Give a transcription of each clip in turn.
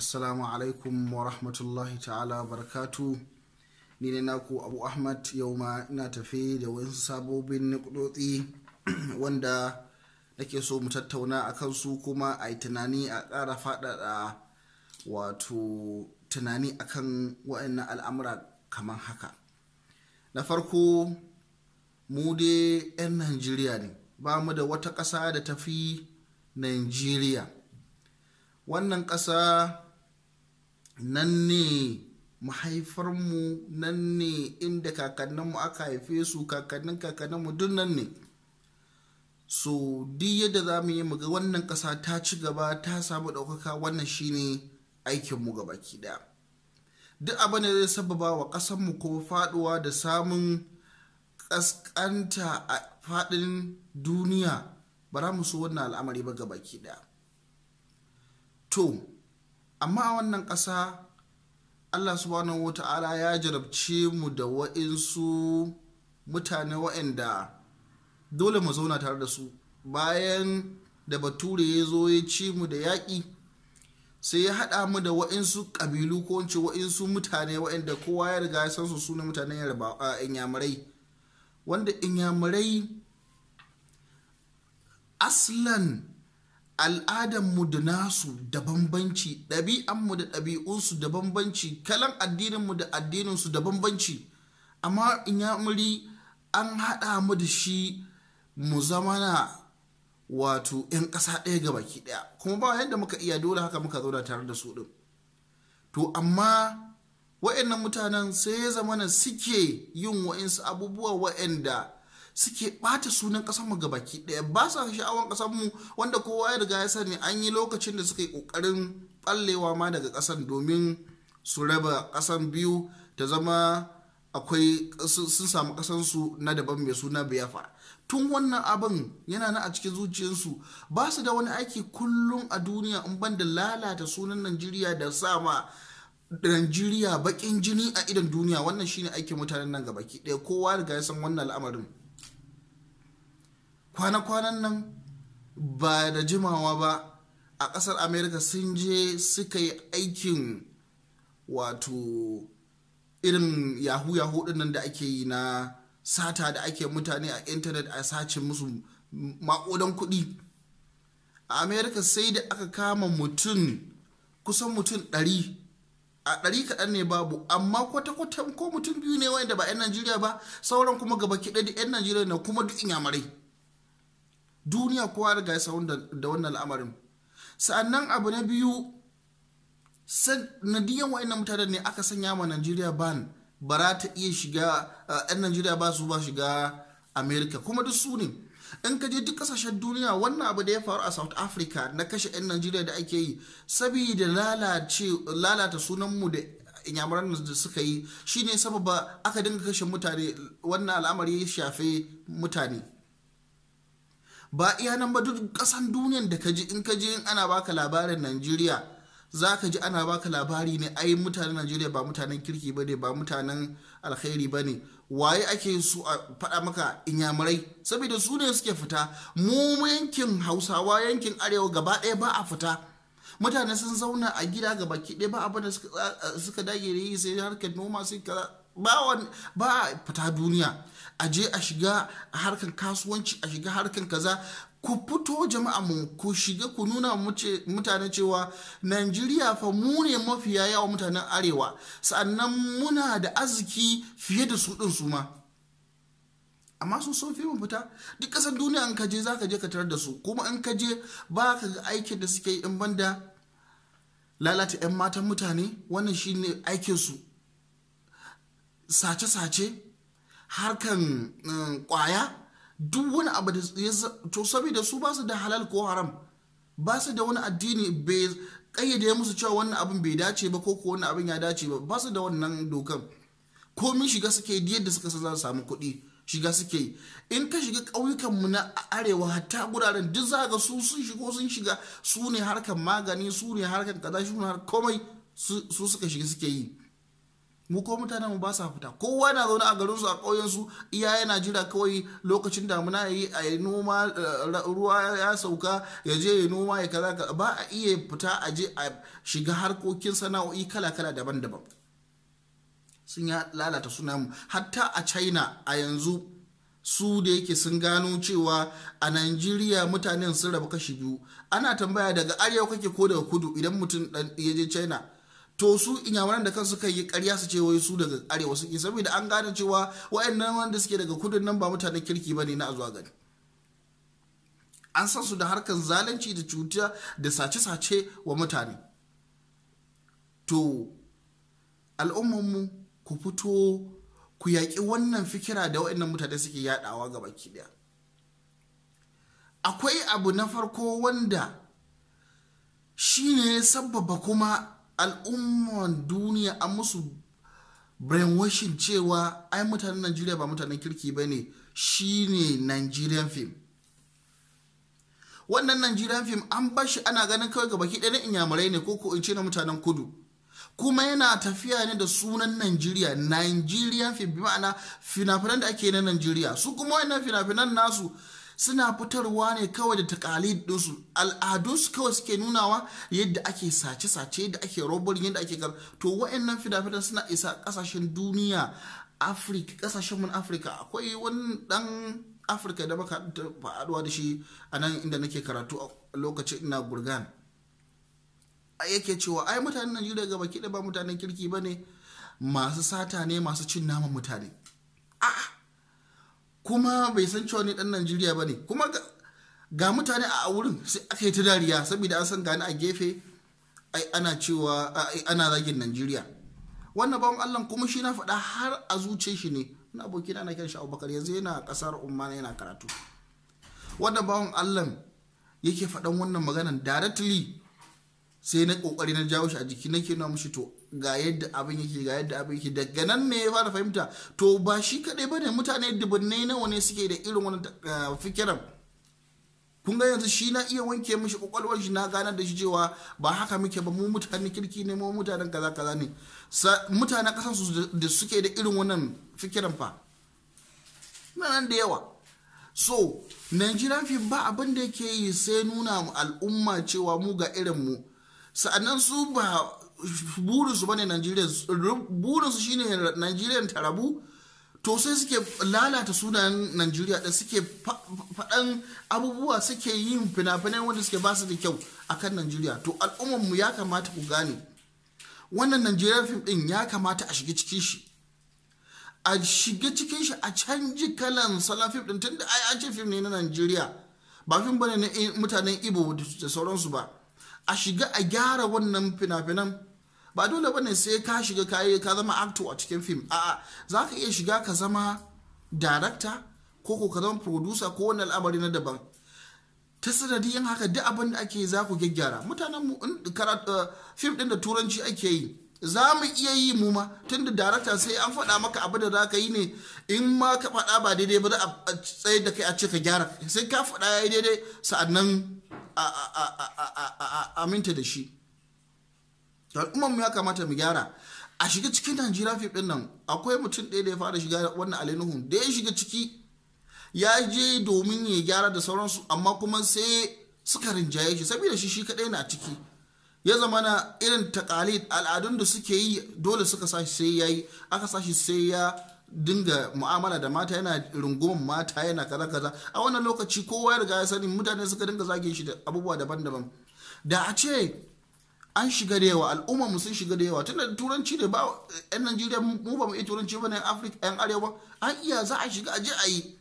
assalamu alaikum wa rahmatullahi ta'ala barakatu ni ne naku abu ahmad yau ma ina tafi da wasu sabobin nukudotsi wanda nake so mu tattauna a kansu kuma a yi tunani a ƙara faɗaɗa wato tunani a akan waɗannan al'amura kamar haka na farko mu dai 'yan najeriya ne ba mu da wata ƙasa da tafi najeriya wannan ƙasa nan ne mahaifarmu nan ne inda kakanninmu aka haife su kakannin kakanninmu duk nan ne so duk yadda za mu yi muga wannan ƙasa ta ci gaba ta samu ɗaukaka wannan shine aikinmu gaba ki ɗaya duk abin ne zai sababa wa kasanmu ko faɗuwa da samun ƙasƙanta a faɗin duniya ba za mu so wannan al'amari ba gaba ɗaya to amma a wannan ƙasa allah subhanahu wata'ala ya jarabce mu da wa'insu mutane wa'inda dole mu zauna tare da su bayan da bature ya zo ya ci mu da yaƙi sai ya haɗa mu da wa'insu ƙabilu ko wance wa'insu mutane wa'inda kowa ya riga ya san su suna mutanen inyamurai wanda inyamurai aslan al'adanmu da nasu da bambanci ɗabi'anmu da ɗabi'unsu da bambanci kalan addininmu da addininsu da bambanci amma in inyamuri an haɗa mu da shi mu zama na wato 'yan ƙasa ɗaya ga baki ɗaya kuma ba yadda muka iya dole haka muka zauna tare da su ɗin to amma wa'annan mutanen sai ya zama na suke yin wa'insu abubuwa wa'anda suke ɓata sunan kasar mu gabaki ɗaya ba sa sha'awan ƙasar mu wanda kowa ya riga ya sani an yi lokacin da suka yi ƙoƙarin ɓallewa ma daga ƙasar domin su raba kasar biyu ta zama akwai sun samu ƙasansu na daban mai suna biyafa. tun wannan abin yana na a cikin zuciyarsu ba su da wani aiki kullum a duniya in ban da lalata sunan najeriya da sama najeriya baƙin jini a idan duniya wannan shine aikin mutanen nan gabaki ɗaya kowa riga ya san wannan al'amarin kwana-kwanan nan ba da jimawa ba a ƙasar america sun je suka yi aikin wato irin yahu yahu nan da ake yi na sata da ake mutane a intanet a sace musu maƙudan kuɗi a america sai da aka kama mutum kusan mutum ɗari a ɗari kaɗan ne babu amma kwata-kwata ko mutum biyu ne wanda ba 'yan najeriya ba sauran kuma gaba kiɗa da 'yan najeriya na kuma duk inyamurai duniya kowa riga ya da wannan al'amarin sa'annan abu na biyu nadiyan wa'annan mutanen ne aka sanya ma najeriya ban bara ta iya shiga yan najeriya ba su ba shiga america kuma duk su ne in ka je duk kasashen duniya wannan abu da ya faru a south africa na kashe 'yan najeriya da ake yi saboda lalata sunanmu da inyamuran da suka yi shine sababa aka dinga kashe mutane wannan al'amari ya shafe mutane ba iya nan ba duk ƙasan duniyan da ka in ka ji in ana baka labarin najeriya za ka ji ana baka labari ne ai mutanen najeriya ba mutanen kirki ba ne ba mutanen alkhairi ba ne waye ake su a faɗa maka inyamurai saboda su ne suke fita mu yankin hausawa yankin arewa gaba ɗaya ba a fita mutane sun zauna a gida ga baki ɗaya ba abin da suka dage da yi sai harkar noma sai ka ba a fita duniya a je a shiga a harkan kasuwanci a shiga harkan kaza ku fito jama'a mu ku shiga ku nuna mutane cewa Najeriya fa mu ne mafiya yawa mutanen arewa sannan muna da arziki fiye da su din su ma amma sun sun fi mu fita duk ƙasar duniya in ka je za ka je ka tarar da su kuma in ka je ba ka ga aikin da suke yi in banda lalata 'yan matan mutane wannan shine aikin su sace-sace harkan eh, kwaya duk wani abu da to saboda su basu da halal ko haram basu da wani addini bai kayyade musu cewa wannan abin bai dace ba ko ko abin ya dace ba basu da wannan dokan komin shiga suke yadda suka san za su samu kuɗi shiga suke yi in ka shiga mu na arewa hatta guraren duk za ga su sun shigo sun shiga su ne harkan magani su ne harkan kaza su ne har komai su suka shiga suke yi mu ko mutanen mu ba sa fita kowa na zaune a garinsu a ƙauyensu iya yana jira kawai lokacin damuna ya yi a yi noma eh, ruwa ya sauka ya je ya noma ya kaza ba a iya fita a je a shiga harkokin sana'o'i kala-kala daban-daban sun ya lalata mu hatta a china a yanzu su da yake sun gano cewa a nigeria mutanen sun rabu kashi biyu ana tambaya daga arewa kake ko daga kudu idan mutum ya je china to su inyamuran da kansu kan yi karya su ce wai su daga arewa suke saboda an gane cewa wa'annan wanda suke daga kudin nan ba mutanen kirki ba ne na zuwa gani an san su da harkar zalunci da cuta da sace-sace wa mutane to al'ummanmu ku fito ku yaƙi wannan fikira da wa'annan mutane suke yaɗawa ga baki daya akwai abu na farko wanda shi ne sabbaba kuma al'umman duniya an musu brainwashing cewa ai mutanen najeriya ba mutanen kirki ba ne shi ne nigerian film wannan nigerian film an bashi ana ganin kawai ga baki ɗaya na inyamurai ne ko in ce na mutanen kudu kuma yana tafiya ne da sunan Najeriya Nigerian film bi ma'ana fina da ake na Najeriya su kuma wannan fina-finan nasu suna fitarwa ne kawai da takalid ɗinsu al'adunsu kawai suke nunawa yadda ake sace-sace yadda ake robar yadda ake gar to wa'annan fina suna isa ƙasashen duniya afirka ƙasashen mun afirka akwai wani ɗan afirka da baka faɗuwa da shi a nan inda nake karatu a lokacin ina gurgan yake cewa ai mutanen najeriya gaba kiɗa ba mutanen kirki ba ne masu sata ne masu cin naman mutane kuma bai san cewa ne dan najeriya ba ne kuma ga mutane a wurin sai aka yi ta dariya saboda an san gani a gefe ai ana cewa ana zagin najeriya wannan bawon allah kuma shi na faɗa har a zuce shi ne na aboki na kyan shi abubakar yanzu yana kasar umman yana karatu wannan bawan allah yake faɗan wannan maganan directly sai na kokari na jawo shi a jiki nake nuna mushi to ga yadda abin yake ga yadda abin yake daga nan ne ya fara fahimta to ba shi kadai ne mutane dubunnai nawa ne suke da irin wani eh, fikiran kun ga yanzu shi na iya wanke mishi kwakwalwar shi na ganar da shi cewa ba haka muke ba mu mutane kirki ne mu mutanen kaza kaza ne mutanen kasan su da suke da irin wannan fikiran fa nan da yawa so Nigerian fi ba abin da yake yi sai nuna al'umma cewa mu ga irin mu sa'annan su ba burinsu ba ne burinsu shine Najeriya ta rabu to sai suke lalata sunan Najeriya da suke faɗan abubuwa suke yin fina-finai wanda suke basu da kyau a kan nigeria to al'ummar mu ya kamata ku gane wannan Najeriya fim din ya kamata a shiga cikin shi a shiga cikin shi a canji kalan salon fim din tunda ai an ce fim ne na Najeriya ba fim bane na eh, mutanen Ibo da sauransu ba a shiga a gyara wannan fina-finan ba dole bane sai ka shiga yi ka zama actor a cikin film a'a za ka iya shiga ka zama director ko ko ka zama producer ko wani al'amari na daban ta yin haka duk abin da ake za ku gyaggyara mutanen mu film din eh, da turanci ake yi za mu iya yi mu ma tunda director sai an faɗa maka abu da za ka yi ne in ma ka faɗa ba daidai ba za a tsaye da kai a ce ka gyara sai ka faɗa ya yi daidai sa'annan a aminta da shi al'ummar mu ya kamata mu gyara a shiga cikin najeriya fim nan akwai mutum ɗaya da ya fara shiga wannan alinuhun da ya shiga ciki ya je domin ya gyara da sauransu amma kuma sai suka rinjaye shi saboda shi shi kaɗai na ciki ya zama na irin takalid al'adun da suke yi dole suka sa shi sai ya yi aka sashi sai ya dinga mu'amala da mata yana rungumar mata yana kaza kaza a wannan lokaci kowa ya riga ya sani mutane suka dinga zage shi da abubuwa daban-daban da a ce an shiga da yawa al'umma mu sun shiga da yawa tunda turanci ne ba yan Najeriya mu ba mu iya turanci ba ne Afirka yan arewa an iya za a shiga aje a yi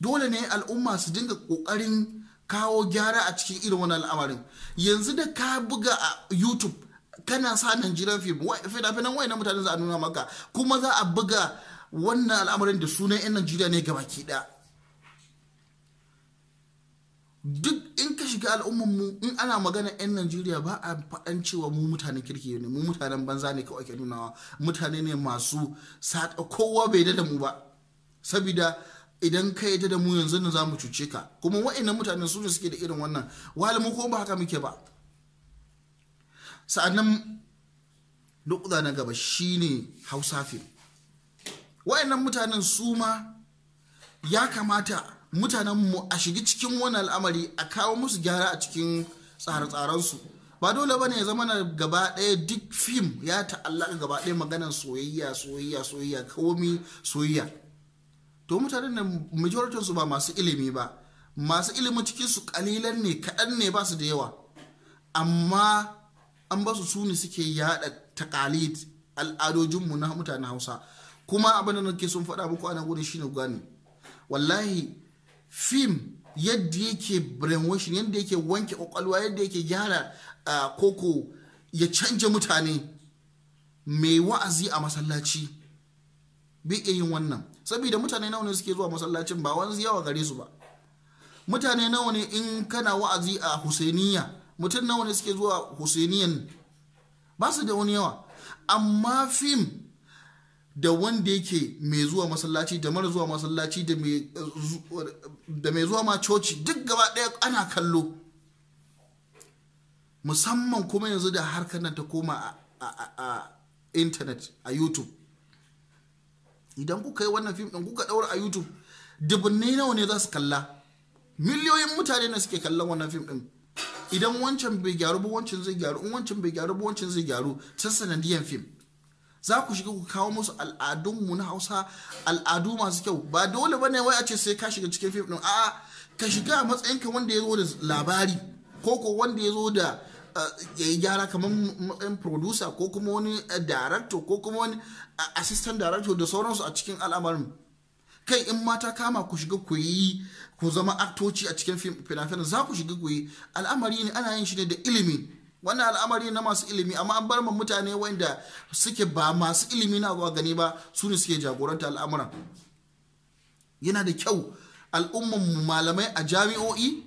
dole ne al'umma su dinga kokarin kawo gyara a cikin irin wani al'amarin yanzu da ka buga a YouTube kana sa Najeriya film fina-finan wayan mutane za a nuna maka kuma za a buga wannan al'amarin da sunan yan Najeriya ne gabaki ɗaya duk in ka shiga al'ummar mu in ana magana 'yan najeriya ba a faɗan cewa mu mutanen kirki ne mu mutanen banza ne kawai ke nunawa mutane ne masu saƙa kowa bai da mu ba sabida idan ka yi da mu yanzu nan za mu cuce ka kuma wa'annan mutanen su ne suke da irin wannan wali ko ba haka muke ba sa'annan duk na gaba shine hausa fim wa'annan mutanen su ma ya kamata mutanenmu a shiga cikin wani al'amari a kawo musu gyara a cikin tsare-tsarensu ba dole ba ne ya zama na gaba ɗaya duk fim ya ta'allaka gaba ɗaya maganar soyayya soyayya soyayya komi soyayya to mutanen da majoritin su ba masu ilimi ba masu ilimin cikin su kalilan ne kaɗan ne ba su da yawa amma an ba su su ne suke yaɗa takalid al'adojinmu na mutanen hausa kuma abin da nake sun faɗa muku a nan gudun shine gani wallahi fim yadda yake brainwashing yadda yake wanke kwakwalwa yadda yake gyara koko ya canja mutane mai wa'azi a masallaci bai yin wannan saboda mutane nawa ne suke zuwa masallacin ba wani yawa gare su ba mutane nawa ne in kana wa'azi a husainiya mutum nawa ne suke zuwa husainiyan ba su da wani yawa amma fim da wanda yake mai zuwa masallaci da mara zuwa masallaci eh, da mai zuwa ma coci duk gaba ɗaya ana kallo musamman kuma yanzu da harkar nan ta koma a intanet a youtube idan kuka yi wannan fim ɗin kuka ɗaura a youtube dubbinai nawa ne za su kalla miliyoyin mutane ne suke kallon wannan fim ɗin idan wancan bai gyaru ba wancan zai gyaru in wancan bai gyaru ba wancan zai gyaru ta sanadiyan fim za ku shiga ku kawo musu al'adunmu na hausa al'adu masu kyau ba dole ba ne wai a ce sai ka shiga cikin fim ɗin a'a ka shiga a matsayinka wanda ya zo da labari ko ko wanda ya zo da eh, ya yi gyara kamar matsayin producer ko kuma wani eh, director ko kuma wani eh, assistant director da sauransu a cikin al'amarin kai in mata kama ku shiga ku yi ku zama aktoci a cikin fina-finan za ku shiga ku yi al'amari ne ana yin shi ne da ilimi wannan al'amari na masu ilimi amma an bar ma mutane wanda suke ba masu ilimi na ga gani ba su ne suke jagoranta al'amuran yana da kyau al'umman malamai a jami'o'i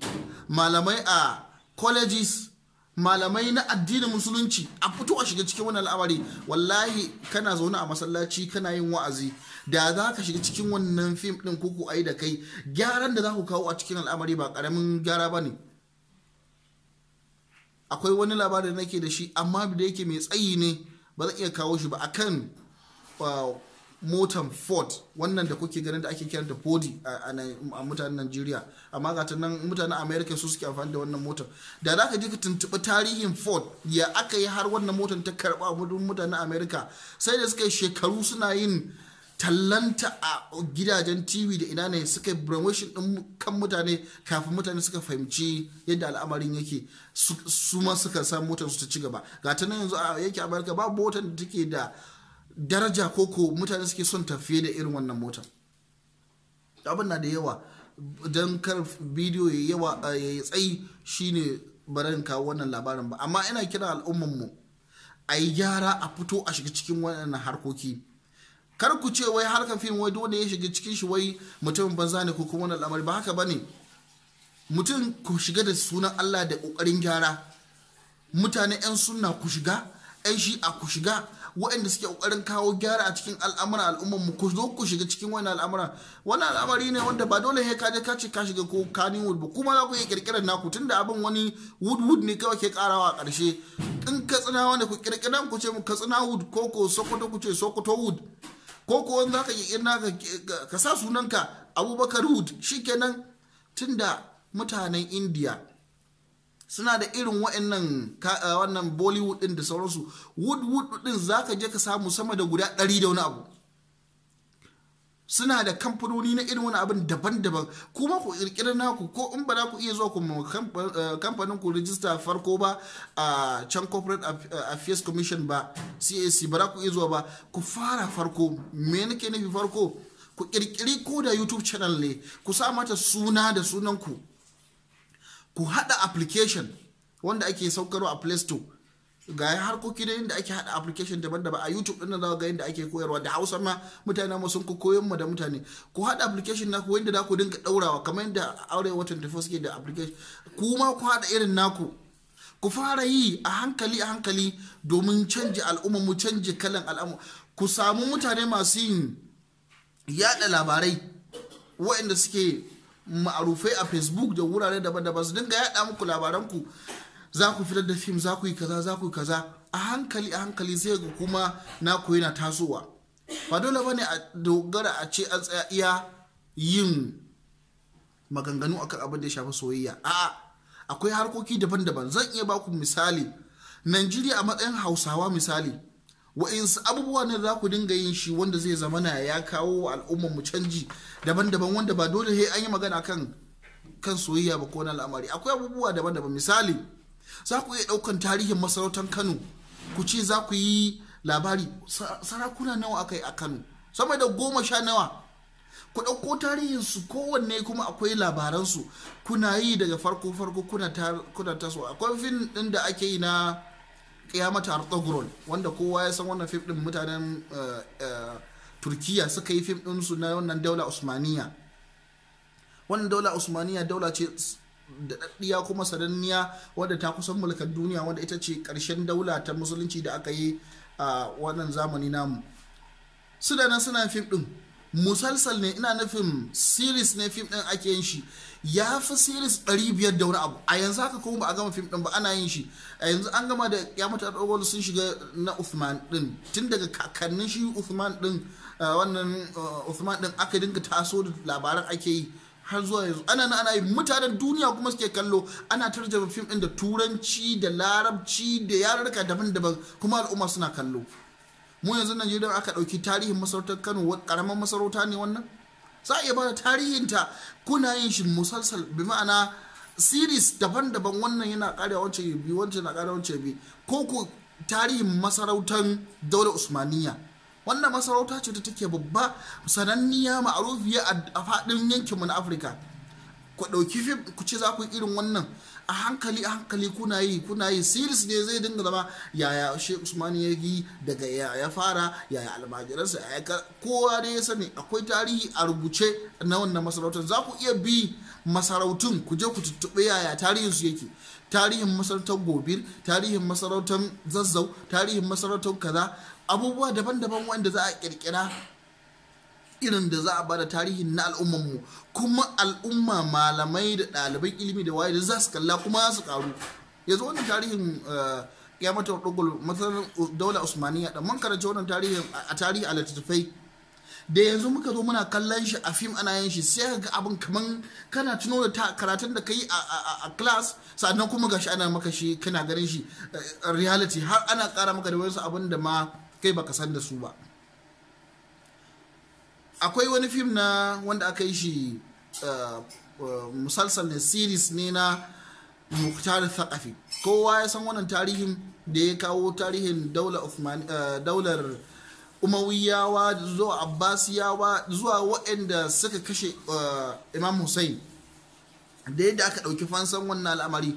malamai a colleges malamai na addinin musulunci a fito a shiga cikin wannan al'amari wallahi kana zaune a masallaci kana yin wa'azi da za ka shiga cikin wannan fim din kuku ayi da kai gyaran da za ku kawo a cikin al'amari ba karamin gyara ba ne akwai wani labari da nake da shi amma da yake mai tsayi ne ba zan iya kawo shi ba akan motan ford wannan da kuke ganin da ake kiran da podi a mutanen nigeria amma gata nan mutanen america su suke amfani da wannan motan da za ka je ka tuntuɓi tarihin ford ya aka yi har wannan motan ta karɓa mutanen america sai da suka yi shekaru suna yin tallanta a gidajen tv da ina ne suka yi promotion din kan mutane kafin mutane suka fahimci yadda al'amarin yake su ma suka sa motar su ta ci gaba ga ta nan yanzu a yake amurka babu motar da take da daraja ko ko mutane suke son tafiye da irin wannan motar abin na da yawa don kar bidiyo ya yawa ya tsayi shine barin kawo wannan labarin ba amma ina kira al'ummanmu a yi gyara a fito a shiga cikin wannan harkoki kar ku ce wai harkar fim wai dole ya shiga cikin shi wai mutum banza ne ko kuma wani al'amari ba haka ba ne mutum ku shiga da sunan Allah da ƙoƙarin gyara mutane 'yan sunna ku shiga 'yan a ku shiga waɗanda suke ƙoƙarin kawo gyara a cikin al'amuran al'ummar mu ku zo ku shiga cikin wani al'amuran wani al'amari ne wanda ba dole sai ka je ka ce ka shiga ko Kannywood ba kuma za ku iya kirkirar naku tunda abin wani wood ne kawai ke karawa a ƙarshe in katsina wanda ku kirkiran ku ce mu katsina wood ko ko sokoto ku ce sokoto wood ko ko zaka ka yi irna ka sa sunanka abubakar hud shikenan tunda mutanen india suna da irin wa'annan eh, wannan bollywood din da sauransu wood wood din zaka je ka samu sama da guda ɗari da wani abu suna da kamfanoni na irin wani abin daban-daban kuma ku kirkiri naku ko in ba za ku iya zuwa ku eh, kamfanin ku rijista farko ba a can corporate eh, affairs commission ba cac ba za ku iya zuwa ba ku fara farko me nake nufi farko ku kirkiri ko da youtube channel ne ku sa mata suna da sunan ku ku hada application wanda ake saukarwa a play store ga harkoki da yadda ake hada application daban-daban a youtube din za ga yadda ake koyarwa da hausa ma mutane ma sun koyon mu da mutane ku hada application naku wanda za ku dinga daurawa kamar yadda watan 24 suke da application ku ma ku hada irin naku ku fara yi a hankali a hankali domin canji al'umma mu canji kalan al'umma ku samu mutane masu yin yada labarai waɗanda suke ma'arufai a facebook da wurare daban-daban su dinga yada muku labaranku za ku fitar da fim za ku yi kaza za ku yi kaza a hankali a hankali zai ga kuma na ku yana tasowa ba dole ba ne a dogara a ce an tsaya iya yin maganganu akan abin da ya shafi soyayya a'a akwai harkoki daban-daban zan iya baku misali Najeriya a matsayin Hausawa misali wa'insu abubuwa ne za ku dinga yin shi wanda zai zama na ya kawo wa al'ummar mu canji daban-daban wanda ba dole sai an yi magana kan kan soyayya ba ko na al'amari akwai abubuwa daban-daban misali za ku iya ɗaukan tarihin masarautar kano ku ce za ku yi labari sarakuna nawa aka yi a kano sama da goma sha nawa ku ɗauko tarihinsu kowanne kuma akwai labaransu kuna yi daga farko farko kuna taso akwai fim ɗin da ake yi na kiyamata artogron wanda kowa ya san wannan fim ɗin mutanen eh, eh, turkiya suka yi fim ɗinsu na wannan daula usmaniya wannan daula usmaniya daula ce daɗaɗɗiya kuma sananniya wadda ta kusan mulkan duniya wadda ita ce ƙarshen daula ta musulunci da aka yi a wannan zamani namu su da nan suna fim ɗin musalsal ne ina nufin series ne fim ɗin ake yin shi ya fi series biyar da wani abu a yanzu haka kuma ba a gama fim ɗin ba ana yin shi a yanzu an gama da ya mutu ɗogol sun shiga na Uthman ɗin tun daga kakannin shi Uthman ɗin wannan Uthman ɗin aka dinga taso da labaran ake yi har zuwa yanzu ana na ana yi mutanen duniya kuma suke kallo ana tarjaba fim ɗin da turanci da larabci da yarurruka daban-daban kuma al'umma suna kallo mu yanzu najeriya aka ɗauki tarihin masarautar kano ƙaramin masarauta ne wannan za a iya bada ta kuna yin shi musalsal bi ma'ana series daban-daban wannan yana ƙara wancan bi wancan na ƙara wancan bi ko ku tarihin masarautar daular usmaniya wannan masarauta ce ta take babba sananniya ma'arufiya a faɗin mu na afirka ku ɗauki fim ku ce za ku irin wannan a hankali a hankali kuna yi kuna yi series ne zai dinga zama yaya shi Usman ya yi daga ya fara yaya almajiransa ya kowa dai ya sani akwai tarihi a rubuce na wannan masarautar za ku iya bi masarautun ku je ku tuttuɓe yaya tarihinsu yake tarihin masarautar gobir tarihin masarautar zazzau tarihin masarautar kaza abubuwa daban-daban wanda za a kirkira irin da za a bada tarihin na al'ummanmu kuma al'umma malamai da ɗaliban ilimi da waye da za su kalla kuma su karu yanzu wannan tarihin eh, kiyamatar dogol matsalar daular usmaniya da man karanta wannan tarihin a tarihi a littattafai da yanzu muka zo muna kallon shi a fim ana yin shi sai ka ga abin kaman kana tuno da karatun da ka yi a class sannan kuma gashi ana maka shi kana ganin shi eh, reality har ana kara maka da wasu abin da ma kai baka san da su ba akwai wani fim na wanda aka yi shi uh, uh, musalsal ne series ne na muktar thaqafi kowa ya san wannan tarihin da ya kawo tarihin daular uh, umawiyawa zuwa abbasiyawa zuwa waɗanda suka kashe imam hussein da yadda aka ɗauki fansan wannan al'amari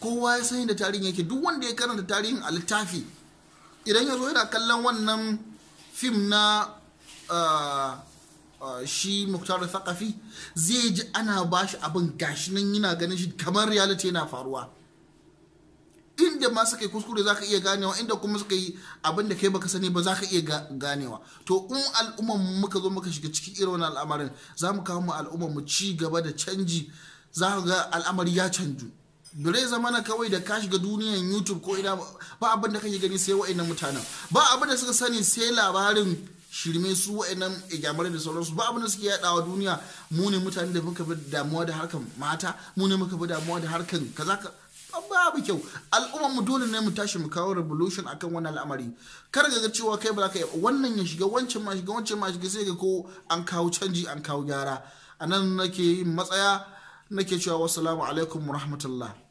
kowa ya san da tarihin yake duk wanda ya karanta tarihin a littafi idan ya zo yana kallon wannan fim na ah, ah, shi muktar thakafi zai ji ana ba shi abin gashi nan yana ganin shi kamar reality yana faruwa inda ma suka yi kuskure za ka iya ganewa inda kuma suka yi abinda kai baka sani ba za ka iya ganewa to in al'umman muka zo muka shiga cikin irin al'amarin za mu kawo mu al'umman mu ci gaba da canji za ga al'amari ya canju da zai zama na kawai da ka shiga duniyan youtube ko ina ba abin da kake gani sai wa'annan mutanen ba abin da suka sani sai labarin shirme su wa'annan igyamar da sauransu ba abin da suke yadawa duniya mu ne mutane da muka bi damuwa da harkan mata mu ne muka bi damuwa da harkan kaza ka babu kyau al'umma mu dole ne mu tashi mu kawo revolution akan wannan al'amari kar ga cewa kai ba za ka wannan ya shiga wancan ma shiga wancan ma shiga sai ga ko an kawo canji an kawo gyara anan nake yin matsaya nake cewa wassalamu alaikum wa rahmatullah